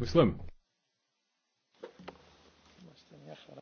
Uz labu!